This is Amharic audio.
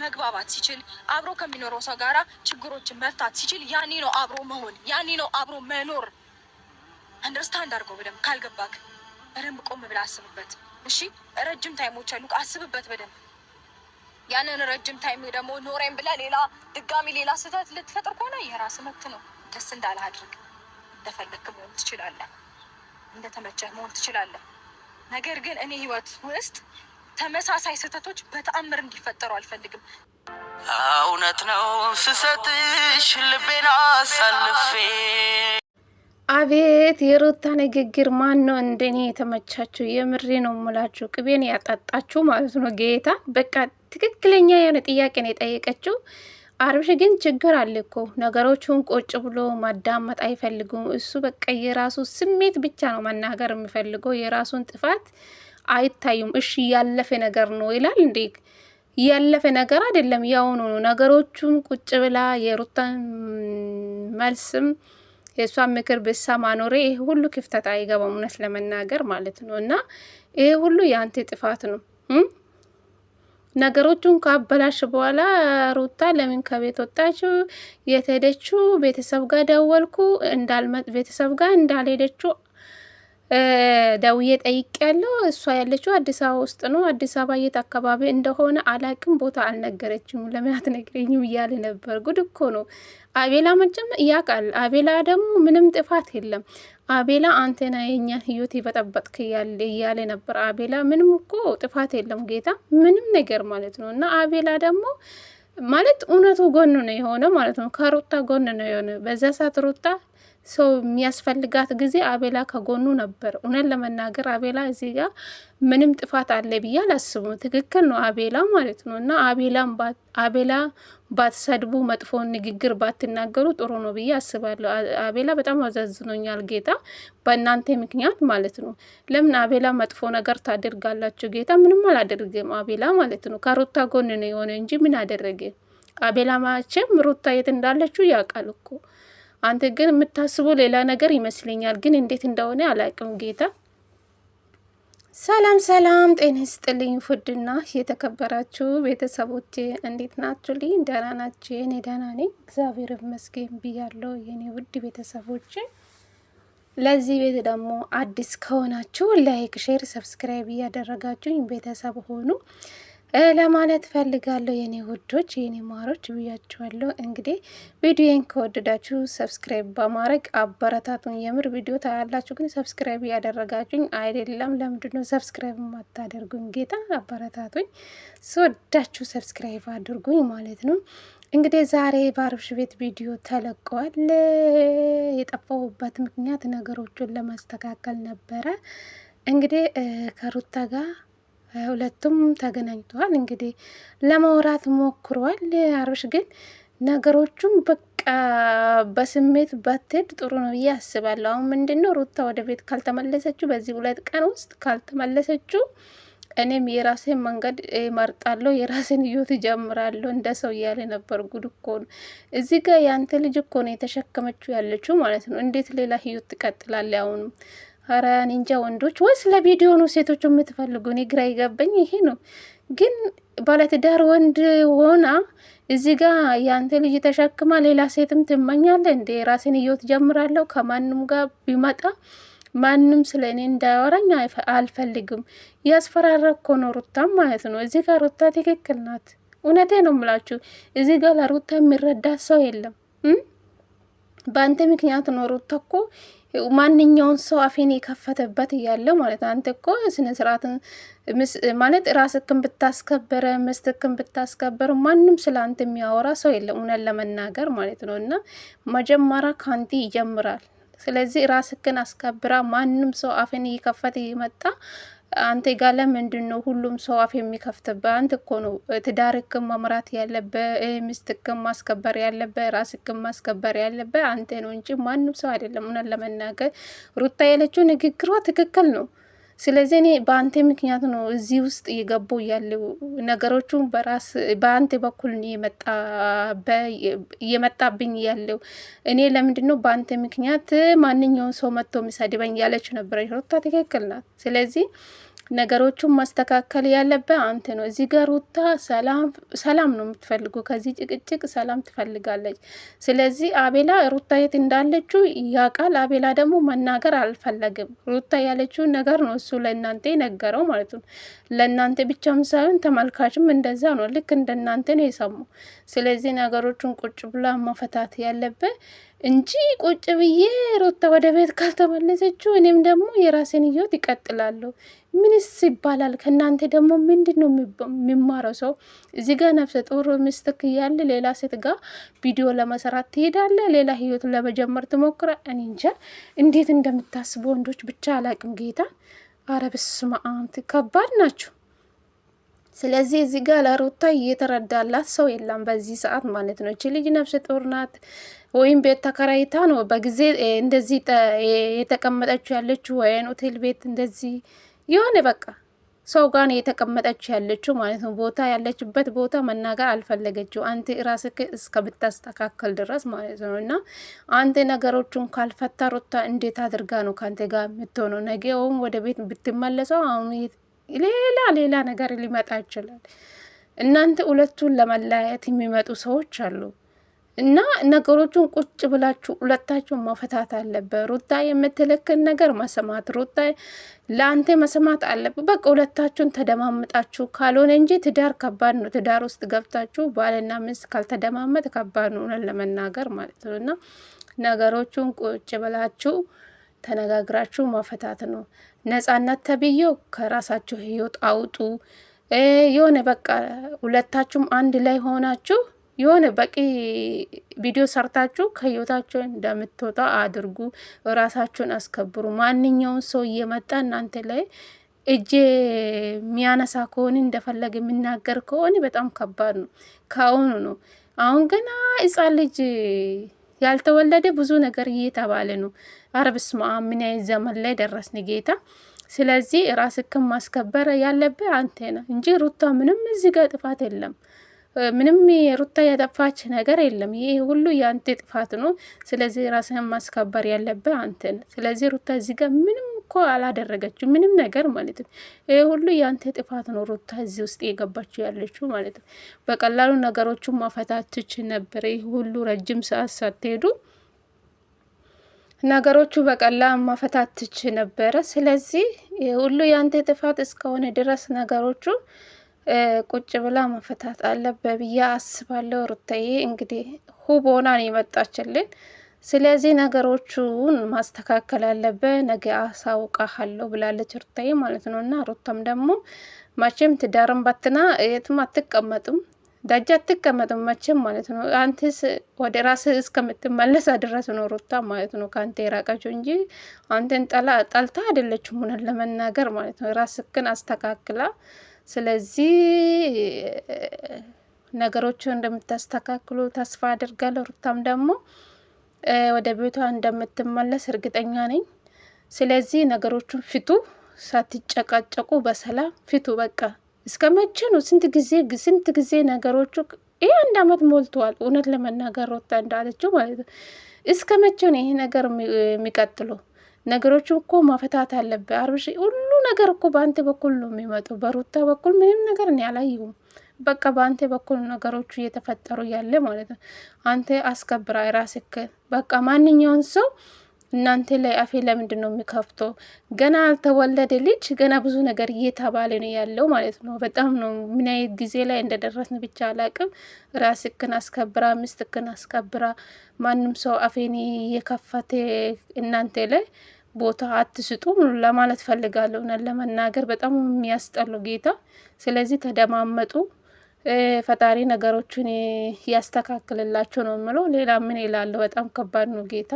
መግባባት ሲችል አብሮ ከሚኖረው ሰው ጋራ ችግሮችን መፍታት ሲችል ያኔ ነው አብሮ መሆን፣ ያኔ ነው አብሮ መኖር። አንደርስታንድ አድርገው በደንብ ካልገባክ በደንብ ቆም ብለህ አስብበት። እሺ፣ ረጅም ታይሞች አሉ፣ አስብበት በደንብ ያንን ረጅም ታይም ደግሞ ኖረኝ ብለህ ሌላ ድጋሚ ሌላ ስህተት ልትፈጥር ከሆነ የራስ መብት ነው። ደስ እንዳለ አድርግ። እንደፈለክ መሆን ትችላለህ፣ እንደተመቸህ መሆን ትችላለህ። ነገር ግን እኔ ህይወት ውስጥ ተመሳሳይ ስህተቶች በተአምር እንዲፈጠሩ አልፈልግም። እውነት ነው ስሰትሽ ልቤን አሳልፌ አቤት የሩታ ንግግር ማን ነው እንደኔ የተመቻችሁ? የምሬ ነው ሙላችሁ ቅቤን ያጣጣችሁ ማለት ነው። ጌታ በቃ ትክክለኛ የሆነ ጥያቄ ነው የጠየቀችው። አብርሽ ግን ችግር አለ እኮ ነገሮቹን ቆጭ ብሎ ማዳመጥ አይፈልጉም። እሱ በቃ የራሱ ስሜት ብቻ ነው መናገር የሚፈልገው የራሱን ጥፋት አይታዩም። እሺ ያለፈ ነገር ነው ይላል እንዴ? ያለፈ ነገር አይደለም፣ ያውኑ ነው። ነገሮቹም ቁጭ ብላ የሩታን መልስም የእሷን ምክር ብሰማ ኖሬ ይሄ ሁሉ ክፍተት አይገባም፣ እውነት ለመናገር ማለት ነው። እና ይሄ ሁሉ የአንተ ጥፋት ነው። ነገሮቹን ካበላሽ በኋላ ሩታ ለምን ከቤት ወጣችው? የት ሄደችው? ቤተሰብ ጋር ደወልኩ፣ ቤተሰብ ጋር እንዳልሄደችው ደውዬ ጠይቄያለሁ። እሷ ያለችው አዲስ አበባ ውስጥ ነው። አዲስ አበባ የት አካባቢ እንደሆነ አላቅም፣ ቦታ አልነገረችም። ለምን አትነግረኝም እያለ ነበር። ጉድ እኮ ነው። አቤላ መቼም ያውቃል። አቤላ ደግሞ ምንም ጥፋት የለም። አቤላ አንተና የኛን ህይወት የበጠበጥክ እያለ ነበር። አቤላ ምንም እኮ ጥፋት የለም ጌታ፣ ምንም ነገር ማለት ነው። እና አቤላ ደግሞ ማለት እውነቱ ጎን ነው የሆነ ማለት ነው። ከሩታ ጎን ነው የሆነ በዛ ሰዓት ሩታ ሰው የሚያስፈልጋት ጊዜ አቤላ ከጎኑ ነበር። እውነት ለመናገር አቤላ እዚህ ጋር ምንም ጥፋት አለ ብዬ አላስብም። ትክክል ነው አቤላ ማለት ነው። እና አቤላ ባትሰድቡ፣ መጥፎ ንግግር ባትናገሩ ጥሩ ነው ብዬ አስባለሁ። አቤላ በጣም አዛዝኖኛል ጌታ፣ በእናንተ ምክንያት ማለት ነው። ለምን አቤላ መጥፎ ነገር ታደርጋላችሁ ጌታ? ምንም አላደርግም አቤላ ማለት ነው። ከሩታ ጎን ነው የሆነ እንጂ ምን አደረገ አቤላ? ማቼም ሩታ የት እንዳለችው ያውቃል እኮ አንተ ግን የምታስበው ሌላ ነገር ይመስለኛል፣ ግን እንዴት እንደሆነ አላቅም ጌታ። ሰላም ሰላም፣ ጤና ይስጥልኝ ፉድና የተከበራችሁ ቤተሰቦቼ እንዴት ናችሁ? ልኝ ደህና ናችሁ? የኔ ደህና ነኝ እግዚአብሔር ይመስገን ብያለሁ የኔ ውድ ቤተሰቦቼ። ለዚህ ቤት ደግሞ አዲስ ከሆናችሁ ላይክ፣ ሼር፣ ሰብስክራይብ እያደረጋችሁኝ ቤተሰብ ሆኑ። ለማለት ፈልጋለሁ የኔ ውዶች የኔ ማሮች ብያችኋለሁ። እንግዲህ ቪዲዮን ከወደዳችሁ ሰብስክራይብ በማድረግ አበረታቱን። የምር ቪዲዮ ታያላችሁ፣ ግን ሰብስክራይብ ያደረጋችሁኝ አይደለም። ለምንድነው ሰብስክራይብ ማታደርጉኝ? ጌታ አበረታቱኝ። ስወዳችሁ ሰብስክራይብ አድርጉኝ ማለት ነው። እንግዲህ ዛሬ በአብርሽ ቤት ቪዲዮ ተለቀዋል። የጠፋሁበት ምክንያት ነገሮቹን ለማስተካከል ነበረ። እንግዲህ ከሩታ ጋር ሁለቱም ተገናኝተዋል። እንግዲህ ለማውራት ሞክሯል። አብርሽ ግን ነገሮቹን በቃ በስሜት ባትሄድ ጥሩ ነው ብዬ አስባለሁ። አሁን ምንድን ነው ሩታ ወደ ቤት ካልተመለሰችው፣ በዚህ ሁለት ቀን ውስጥ ካልተመለሰችው እኔም የራሴን መንገድ መርጣለሁ፣ የራሴን ህይወት ጀምራለሁ እንደ ሰው እያለ ነበር። ጉድ እኮ ነው። እዚ ጋ የአንተ ልጅ እኮ ነው የተሸከመችው ያለችው ማለት ነው። እንዴት ሌላ ህይወት ትቀጥላለ? አሁንም ኧረ እኔ እንጃ ወንዶች ወይስ ለቪዲዮ ነው ሴቶቹ የምትፈልጉ? እኔ ግራ ይገባኝ ይሄ ነው። ግን ባለትዳር ወንድ ሆና እዚህ ጋ የአንተ ልጅ ተሸክማ ሌላ ሴትም ትመኛለ እንዴ? ራሴን እየወት ጀምራለሁ ከማንም ጋር ቢመጣ ማንም ስለ እኔ እንዳያወራኝ አልፈልግም። ያስፈራራ እኮ ነው ሩታም ማለት ነው። እዚህ ጋር ሩታ ትክክል ናት። እውነቴ ነው ምላችሁ፣ እዚህ ጋር ለሩታ የሚረዳ ሰው የለም። በአንተ ምክንያት ኖሮ ተኮ ማንኛውን ሰው አፌን የከፈተበት እያለ ማለት አንተ እኮ ስነ ስርዓትን ማለት ራስክን ብታስከበረ ምስትክን ብታስከበር ማንም ስለ አንተ የሚያወራ ሰው የለም፣ እውነን ለመናገር ማለት ነው። እና መጀመሪያ ከአንቲ ይጀምራል። ስለዚህ ራስክን አስከብራ ማንም ሰው አፌን እየከፈተ እየመጣ አንተ ጋር ለምንድን ነው ሁሉም ሰው አፍ የሚከፍትበት? አንተ እኮ ነው ትዳርክን መምራት ያለበት፣ ሚስትክን ማስከበር ያለበት፣ ራስክን ማስከበር ያለበት አንተ ነው እንጂ ማንም ሰው አይደለም። እውነት ለመናገር ሩታ ያለችው ንግግሯ ትክክል ነው። ስለዚህ እኔ በአንተ ምክንያት ነው እዚህ ውስጥ እየገባው ያለው ነገሮቹ በራስ በአንተ በኩል እየመጣብኝ ያለው እኔ ለምንድን ነው በአንተ ምክንያት ማንኛውም ሰው መጥቶ ምሳድበኝ ያለችው ነበረ። ሩታ ትክክል ናት። ስለዚህ ነገሮቹን ማስተካከል ያለበት አንተ ነው። እዚህ ጋር ሩታ ሰላም ነው የምትፈልገው፣ ከዚህ ጭቅጭቅ ሰላም ትፈልጋለች። ስለዚህ አቤላ ሩታ የት እንዳለችው ያውቃል። አቤላ ደግሞ መናገር አልፈለግም። ሩታ ያለችው ነገር ነው እሱ ለእናንተ የነገረው ማለት ነው። ለእናንተ ብቻም ሳይሆን ተመልካችም እንደዛ ነው፣ ልክ እንደናንተ ነው የሰሙ። ስለዚህ ነገሮቹን ቁጭ ብላ መፈታት ያለበት እንጂ ቁጭ ብዬ ሩታ ወደ ቤት ካልተመለሰችው እኔም ደግሞ የራሴን ህይወት ይቀጥላለሁ ምንስ ይባላል? ከእናንተ ደግሞ ምንድን ነው የሚማረው ሰው? እዚህ ጋር ነፍሰ ጡር ምስትክ እያለ ሌላ ሴት ጋር ቪዲዮ ለመሰራት ትሄዳለ፣ ሌላ ህይወት ለመጀመር ትሞክረ። እኔ እንጃ እንዴት እንደምታስቡ ወንዶች ብቻ አላቅም። ጌታ አረብስ ማአምት ከባድ ናችሁ። ስለዚህ እዚህ ጋር ለሩታ እየተረዳላት ሰው የለም በዚህ ሰዓት ማለት ነው። እቺ ልጅ ነፍሰ ጡር ናት ወይም ቤት ተከራይታ ነው በጊዜ እንደዚህ የተቀመጠችው ያለችው፣ ወይን ሆቴል ቤት እንደዚህ የሆነ በቃ ሰው ጋር የተቀመጠች ያለችው ማለት ነው። ቦታ ያለችበት ቦታ መናገር አልፈለገችው አንተ ራስክ እስከምታስተካከል ድረስ ማለት ነው። እና አንተ ነገሮቹን ካልፈታ ሩታ እንዴት አድርጋ ነው ከአንተ ጋር የምትሆነው? ነገውም ወደ ቤት ብትመለሰው አሁን ሌላ ሌላ ነገር ሊመጣ ይችላል። እናንተ ሁለቱን ለመለያየት የሚመጡ ሰዎች አሉ። እና ነገሮቹን ቁጭ ብላችሁ ሁለታችሁን መፈታት አለበት። ሩታ የምትልክን ነገር መሰማት ሩታ ለአንተ መሰማት አለበት። በቃ ሁለታችሁን ተደማምጣችሁ ካልሆነ እንጂ ትዳር ከባድ ነው። ትዳር ውስጥ ገብታችሁ ባልና ሚስት ካልተደማመጥ ከባድ ነው ለመናገር ማለት ነው። እና ነገሮቹን ቁጭ ብላችሁ ተነጋግራችሁ መፈታት ነው። ነጻነት ተብዮ ከራሳችሁ ህይወት አውጡ። የሆነ በቃ ሁለታችሁም አንድ ላይ ሆናችሁ የሆነ በቂ ቪዲዮ ሰርታችሁ ከህይወታቸው እንደምትወጣ አድርጉ። ራሳቸውን አስከብሩ። ማንኛውን ሰው እየመጣ እናንተ ላይ እጄ የሚያነሳ ከሆነ እንደፈለገ የሚናገር ከሆነ በጣም ከባድ ነው። ከአሁኑ ነው። አሁን ገና ሕፃን ልጅ ያልተወለደ ብዙ ነገር እየተባለ ነው። አረ ምን አይነት ዘመን ላይ ደረስን ጌታ። ስለዚህ ራስክን ማስከበር ያለብህ አንተ ነህ እንጂ ሩታ ምንም እዚህ ጋር ጥፋት የለም። ምንም የሩታ ያጠፋች ነገር የለም። ይህ ሁሉ የአንተ ጥፋት ነው። ስለዚህ ራስህን ማስከበር ያለብህ አንተ ነው። ስለዚህ ሩታ እዚህ ጋር ምንም እኮ አላደረገችው ምንም ነገር ማለት ነው። ይህ ሁሉ የአንተ ጥፋት ነው። ሩታ እዚህ ውስጥ የገባችው ያለችው ማለት ነው። በቀላሉ ነገሮቹን ማፈታትች ነበር። ይህ ሁሉ ረጅም ሰዓት ሳትሄዱ ነገሮቹ በቀላል ማፈታትች ነበረ። ስለዚህ ሁሉ የአንተ ጥፋት እስከሆነ ድረስ ነገሮቹ ቁጭ ብላ መፈታት አለበት ብዬ አስባለሁ። ሩታዬ እንግዲህ ሁቦና ነው የመጣችልን። ስለዚህ ነገሮቹን ማስተካከል አለበት፣ ነገ አሳውቃሃለሁ ብላለች ሩታዬ ማለት ነው። እና ሩታም ደግሞ መቼም ትዳርም ባትና የትም አትቀመጥም፣ ዳጃ አትቀመጥም መቼም ማለት ነው። አንተስ ወደ ራስህ እስከምትመለስ ድረስ ነው ሩታ ማለት ነው ከአንተ የራቀችው እንጂ አንተን ጠላ ጠልታ አይደለችም፣ ለመናገር ማለት ነው። ራስክን አስተካክላ ስለዚህ ነገሮችን እንደምታስተካክሉ ተስፋ አድርጋለሁ። ሩታም ደግሞ ወደ ቤቷ እንደምትመለስ እርግጠኛ ነኝ። ስለዚህ ነገሮቹን ፊቱ ሳትጨቃጨቁ በሰላም ፊቱ። በቃ እስከ መቼ ነው? ስንት ጊዜ ስንት ጊዜ ነገሮቹ ይህ አንድ አመት ሞልተዋል። እውነት ለመናገር ሩታ እንዳለችው ማለት ነው። እስከ መቼ ነው ይሄ ነገር የሚቀጥለው? ነገሮቹ እኮ ማፈታት አለብህ አብርሽ። ሁሉ ነገር እኮ በአንተ በኩል ነው የሚመጡ። በሩታ በኩል ምንም ነገር እኔ አላየሁም። በቃ በአንተ በኩል ነገሮቹ እየተፈጠሩ ያለ ማለት ነው። አንተ አስከብራ ራስክ በቃ ማንኛውን ሰው እናንተ ላይ አፌ ለምንድን ነው የሚከፍተው? ገና አልተወለደ ልጅ ገና ብዙ ነገር እየተባለ ነው ያለው ማለት ነው። በጣም ነው ምን አይነት ጊዜ ላይ እንደደረስን ብቻ አላቅም። ራስክን አስከብራ፣ ምስትክን አስከብራ። ማንም ሰው አፌን የከፈተ እናንተ ላይ ቦታ አትስጡ ለማለት ፈልጋለሁ። ለመናገር በጣም የሚያስጠሉ ጌታ። ስለዚህ ተደማመጡ። ፈጣሪ ነገሮችን ያስተካክልላቸው ነው የምለው። ሌላ ምን ይላለሁ? በጣም ከባድ ነው ጌታ።